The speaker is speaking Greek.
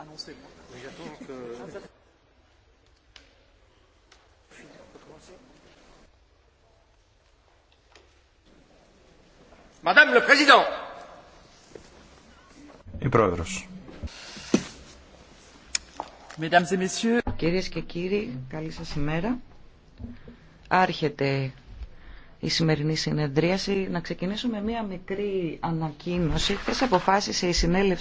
annoncé. Κυρίες και κύριοι, καλή σας ημέρα. Άρχεται η σημερινή συνεδρίαση. Να ξεκινήσουμε μία μικρή ανακοίνωση. Χθες αποφάσισε η συνέλευση